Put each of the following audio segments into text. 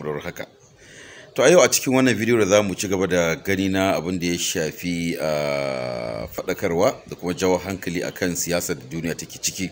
kurar haka to a yau a cikin wannan bidiyo da za mu ci gaba da gani na abin da ya shafi a ah, faɗakarwa da kuma jawo hankali akan siyasar da duniya take ciki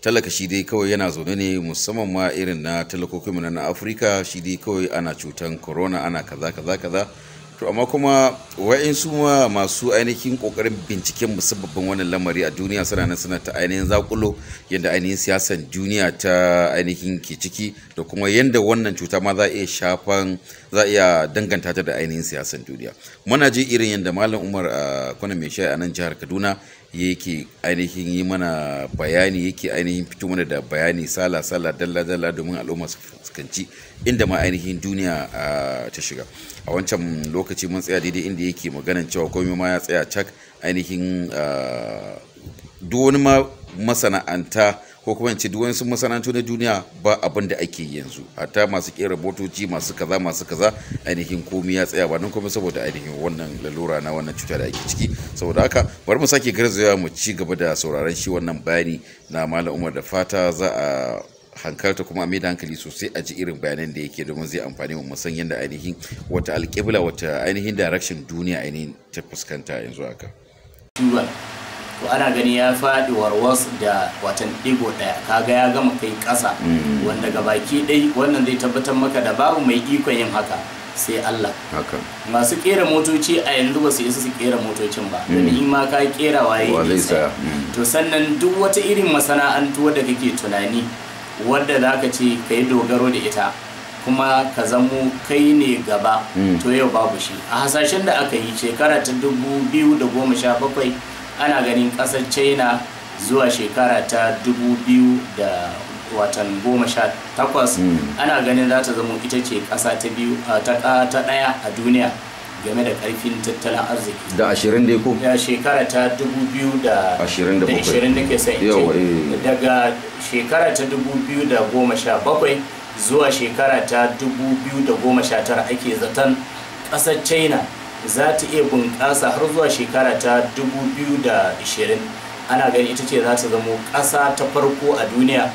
talaka shi dai kawai yana zaune ne musamman ma irin na talakokin na afirka shi dai kawai ana cutan corona ana kaza kaza kaza to amma kuma wa'insu ma masu ainihin kokarin binciken musabbabin wannan lamari a duniya suna nan suna ta ainihin zakulo yadda ainihin siyasan duniya ta ainihin ke ciki da kuma yadda wannan cuta ma za a iya shafan za a iya danganta ta da ainihin siyasan duniya muna ji irin yadda malam umar a ah, kwanan mai shayi a nan jihar kaduna yake ainihin yi mana bayani yake ainihin fito mana da bayani sala sala dalla dalla domin al'umma su fuskanci inda ma ainihin duniya ta shiga a wancan lokaci mun tsaya daidai inda yake maganan cewa komai ma ya tsaya cak ainihin duk wani masana'anta ko kuma in ce duk wasu masana'antu na duniya ba abin da ake yanzu hatta masu kera motoci masu kaza masu kaza ainihin komi ya tsaya ba nan kuma saboda ainihin wannan lalura na wannan cuta da ake ciki saboda haka bari mu sake garzaya mu ci gaba da sauraron shi wannan bayani na malam umar da fata za a hankalta kuma a mai da hankali sosai a ji irin bayanan da yake domin zai amfani mu san yadda ainihin wata alƙibla wata ainihin direction duniya ainihin ta fuskanta yanzu haka. to ana gani ya faɗi warwas da watan ɗigo ɗaya kaga ya gama kai ƙasa mm. wanda ga baki ɗai wannan zai tabbatar maka da babu mai ikon yin haka sai Allah masu ƙera motoci a yanzu ba su isa su ƙera motocin ba mm. ni ma ka kera waye mm. to sannan duk wata irin masana'antu wadda kake tunani wadda za ka ce ka dogaro da ita kuma ka zamo kai ne gaba to yau babu shi a hasashen da aka yi shekara ta dubu biyu da goma sha bakwai ana ganin kasar china zuwa shekara ta dubu biyu da watan goma sha takwas mm. ana ganin za ta zama ita ce kasa ta biyu ta ɗaya a duniya game da ƙarfin tattalin arziki da ashirin da ko da shekara ta dubu biyu da ashirin da ke sai eh. daga shekara ta dubu biyu da goma sha bakwai zuwa shekara ta dubu biyu da goma sha tara ake zaton kasar china za ta iya bunƙasa har zuwa shekara ta 2020 ana ganin ita ce za ta zamo ƙasa ta farko a duniya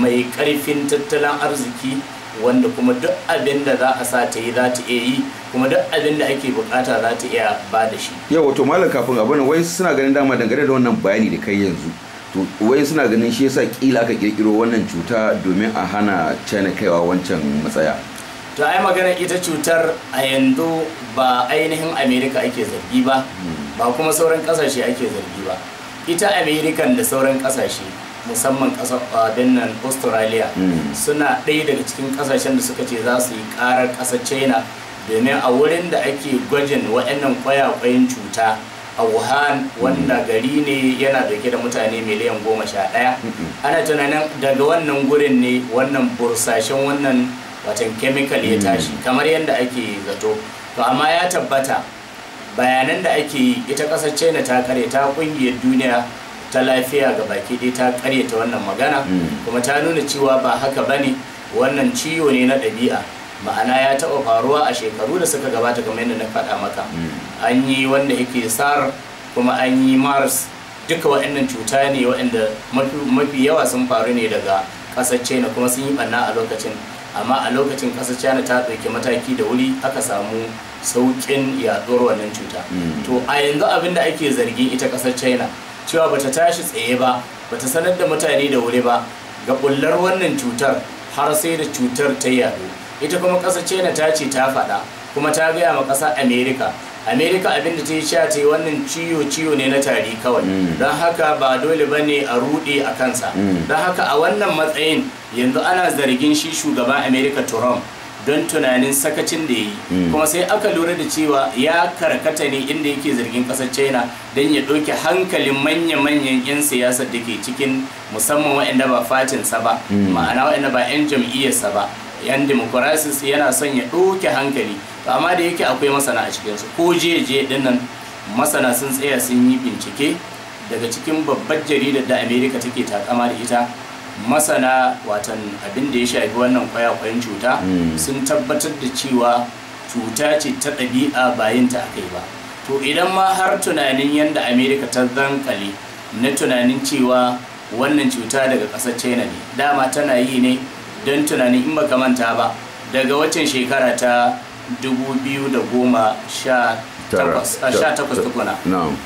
mai ƙarfin tattalin arziki wanda kuma duk abin da za a sa ta yi za ta iya yi kuma duk abin da ake bukata za ta iya ba da shi yau wato malam kafin abin wai suna ganin dama dangane da wannan bayani da kai yanzu to wai suna ganin shi yasa kila aka kirkiro wannan cuta domin a hana china kaiwa wancan matsaya to ai magana ita cutar a yanzu ba ainihin amerika ake zargi ba ba kuma sauran kasashe ake zargi ba ita amerikan da sauran kasashe musamman kasar nan australia suna ɗaya daga cikin kasashen da suka ce za su yi karar kasar china domin a wurin da ake gwajin waɗannan kwayakwayin cuta a wuhan wanda gari ne yana dauke da mutane miliyan goma sha ɗaya ana tunanin daga wannan gurin ne wannan bursashen wannan watan chemical ya tashi hmm. kamar yadda ake zato to amma ya tabbata bayanan da ake yi ita kasar china ta kare ta kungiyar duniya ta lafiya ga baki dai ta karyata wannan magana hmm. kuma ta nuna cewa ba haka bane wannan ciwo ne na ɗabi'a ma'ana ya taɓa faruwa a shekaru da suka gabata kamar yadda na faɗa maka hmm. an yi wanda yake sar kuma an yi mars duka waɗannan cuta ne waɗanda mafi yawa sun faru ne daga ƙasar china kuma sun yi ɓanna a lokacin amma a lokacin kasar china ta ɗauki mataki da wuri aka samu sauƙin yaɗuwar wannan cuta hmm. to a yanzu abin da ake zargin ita kasar china cewa bata tashi tsaye ba bata sanar da mutane da wuri ba ga bullar wannan cutar har sai da cutar ta yaɗu ita kuma ƙasar china ta ce ta faɗa kuma ta gaya ma ƙasar america america abinda ta yi cewa ta yi wannan ciwo ciwo ne na tari kawai mm. don haka ba dole ba ne a rude a kansa mm. don haka a wannan matsayin yanzu ana zargin shi shugaban america trump don tunanin sakacin da ya yi mm. kuma sai aka lura da cewa ya karkata ne inda yake zargin kasar china don ya ɗauke hankalin manya-manyan 'yan siyasar da ke cikin musamman waɗanda ba fatinsa ba ma'ana waɗanda ba 'yan jam'iyyarsa ba 'yan demokurasis yana son ya ɗauke hankali to amma da yake akwai masana a cikinsu ko je din nan masana sun tsaya sun yi bincike daga cikin babbar jaridar da amerika take takama da ita masana watan abin da ya shafi wannan kwaya-kwayan cuta hmm. sun tabbatar da cewa cuta ce ta ɗabi'a bayan ta akai ba to idan ma har tunanin yadda amerika ta zankale na tunanin cewa wannan cuta daga ƙasar china ne dama tana yi ne don tunanin in baka manta ba daga waccan shekara ta 2018 tukuna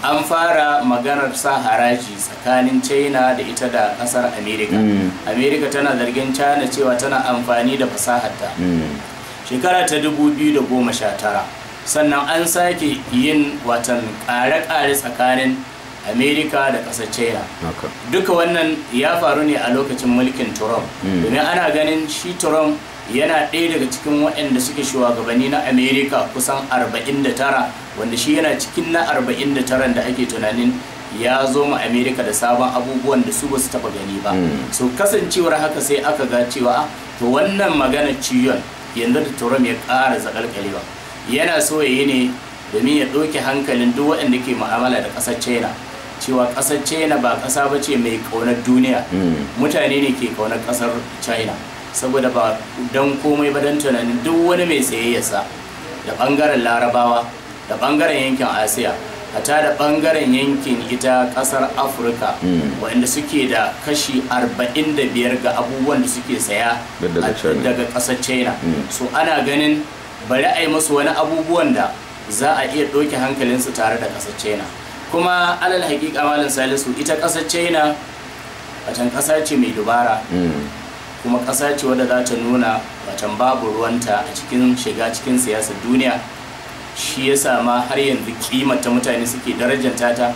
an fara maganar sa haraji tsakanin china da ita da kasar america mm. Amerika tana zargin china cewa tana amfani da fasaharta mm. shekara ta 2019 sannan an sake yin watan kare-kare tsakanin amerika da ƙasar china duka wannan ya faru ne a lokacin mulkin trump mm. domin ana ganin shi trump yana ɗaya daga cikin waɗanda suke shugabanni na amerika kusan 49 wanda shi yana cikin na 49 da ake tunanin ya zo ma amerika da sabon abubuwan da su ba su taba gani ba hmm. so kasancewar haka sai aka ga cewa to wannan magana ciyon yanzu da turam ya ƙara zakalkale ba yana so ya yi ne domin ya ɗauki hankalin duk waɗanda ke mu'amala da ƙasar china cewa ƙasar china ba ƙasa ba ce mai ƙaunar duniya hmm. mutane ne ke ƙaunar ƙasar china saboda ba don komai ba don tunanin duk wani mai tsayayyarsa da bangaren larabawa da ɓangaren yankin asiya hata da ɓangaren yankin ita kasar afirka hmm. waɗanda suke da kashi 45 ga abubuwan da suke saya daga ƙasar china hmm. so ana ganin bari a yi masu wani abubuwan da za a iya ɗauke hankalinsu tare da ƙasar china kuma alal hakika malam salisu ita ƙasar china a can ƙasa ce mai dubara hmm. kuma ƙasa ce wadda za ta nuna watan babu ruwanta a cikin shiga cikin siyasar duniya shi ya sama har yanzu kimata mutane suke darajanta ta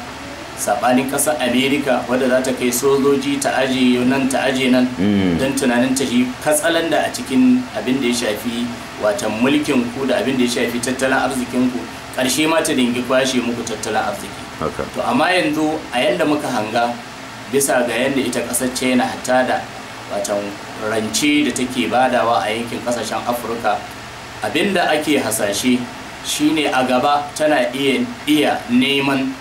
saɓanin ƙasar amerika wadda za ta kai sojoji ta aje nan ta aje nan mm. don tunanin ta shi da a cikin abin da ya shafi watan mulkin ku da abin da ya shafi tattalin arzikinku ku ƙarshe ma ta dingi kwashe muku tattalin arziki to amma yanzu a yanda muka hanga bisa ga yanda ita ƙasar china hatta da watan rance da take badawa a yankin kasashen afirka abinda ake hasashe shine a gaba tana iya iya neman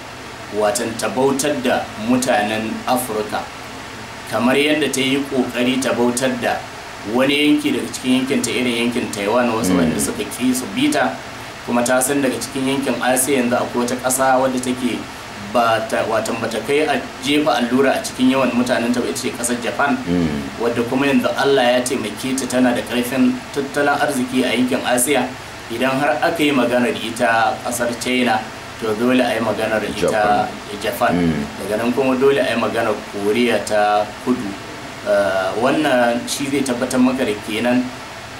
watan tabautar da mutanen afirka kamar yadda ta yi kokari tabautar da wani yanki daga cikin yankin ta irin yankin taiwan wasu wanda hmm. suka ki su bita kuma ta san daga cikin yankin asiya yanzu akwai wata ƙasa wadda take ba ta watan kai a jefa allura a cikin yawan mutanen ta ba ce kasar japan hmm. wadda kuma yanzu allah ya taimake ta tana da karfin tattalin arziki a yankin asiya idan har aka yi maganar ita kasar china to dole a yi maganar ita japan hmm. daga nan kuma dole a yi maganar koriya ta kudu eh, wannan shi zai tabbatar maka da kenan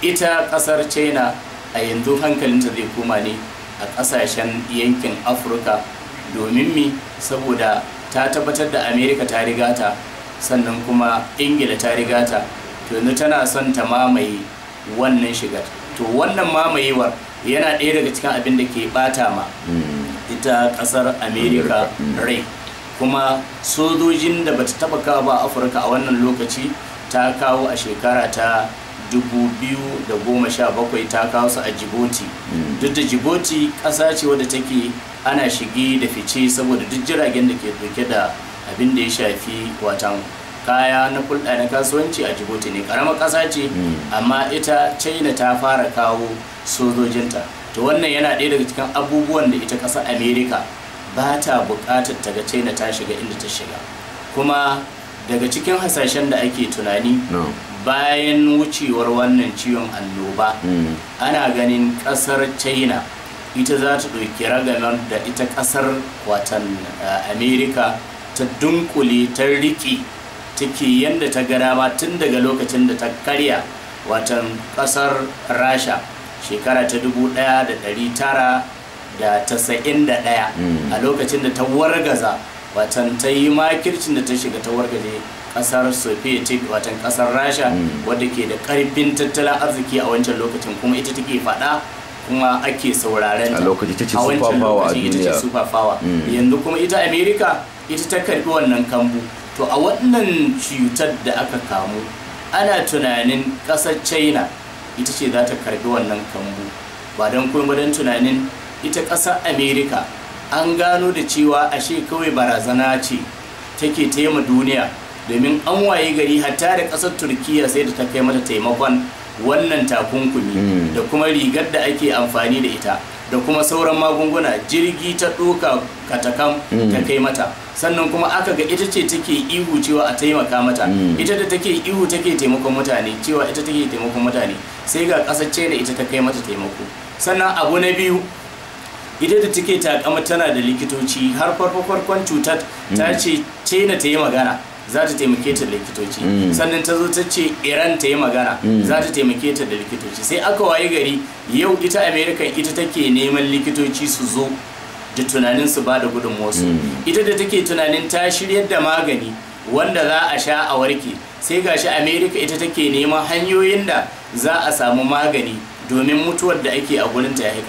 ita kasar china a yanzu hankalinta zai koma ne a kasashen yankin afirka domin mi saboda ta tabbatar da amerika ta rigata sannan kuma ingila ta riga ta to yanzu tana son ta mamaye wannan shigar to wannan mamayewar yana ɗaya daga cikin abin da ke bata ma hmm. ita ƙasar amerika hmm. rai kuma sojojin da bata taba kawo ba afirka a wannan lokaci ta kawo a shekara ta biyu da goma sha bakwai ta kawo su a Djibouti. Hmm. Duk da Djibouti ƙasa ce wadda take ana shige da fice saboda duk jiragen da ke doke da abin da ya shafi watan kaya na kulɗa na kasuwanci a Djibouti ne ƙaramar ƙasa ce hmm. amma ita China ta fara kawo sojojinta. To wannan yana ɗaya daga cikin abubuwan da ita ƙasa Amerika ba ta buƙatar ta ga China ta shiga inda ta shiga. Kuma daga cikin hasashen da ake tunani bayan wucewar wannan ciwon annoba mm. ana ganin kasar china ita za ta ɗauki ragamar da ita kasar watan eh, america ta dunkule ta riƙe take yadda ta gara ma tun daga lokacin da ta karya watan kasar rasha shekara ta 1991 mm. a lokacin da ta wargaza watan ta yi makircin da ta shiga ta wargaje kasar sovietic watan kasar rasha hmm. wadda ke da karfin tattalin arziki a wancan lokacin kuma ita take faɗa kuma ake sauraren a wancan lokacin ita ce super power hmm. yanzu kuma ita america ita ta karbi wannan kambu to a wannan cutar da aka kamu ana tunanin kasar china ita ce za ta karbi wannan kambu ba don kuma don tunanin ita kasar america an gano da cewa ashe kawai barazana ce take taima duniya domin an waye gari hatta da ƙasar turkiya sai da ta kai mata taimakon wannan takunkumi hmm. da kuma rigar da ake amfani da ita da kuma sauran magunguna jirgi ta ɗoka katakam hmm. ta kai mata sannan kuma aka ga ita ce take ihu cewa a taimaka mata hmm. ita da take ihu take taimakon mutane cewa ita take taimakon mutane sai ga ƙasar china ita ta kai mata taimako sannan abu na biyu ita da take takama tana da likitoci har farko-farkon cutar ta mm. ce china ta yi magana za ta taimake ta da likitoci mm. sannan ta zo ta ce iran ta yi magana mm. za ta taimake ta da likitoci sai aka waye gari yau ita america ita take neman likitoci su zo da tunanin su ba da wasu ita da take tunanin ta shiryar da magani wanda za a sha a warke sai gashi america ita take neman hanyoyin da za a samu magani domin mutuwar da ake a gurinta ya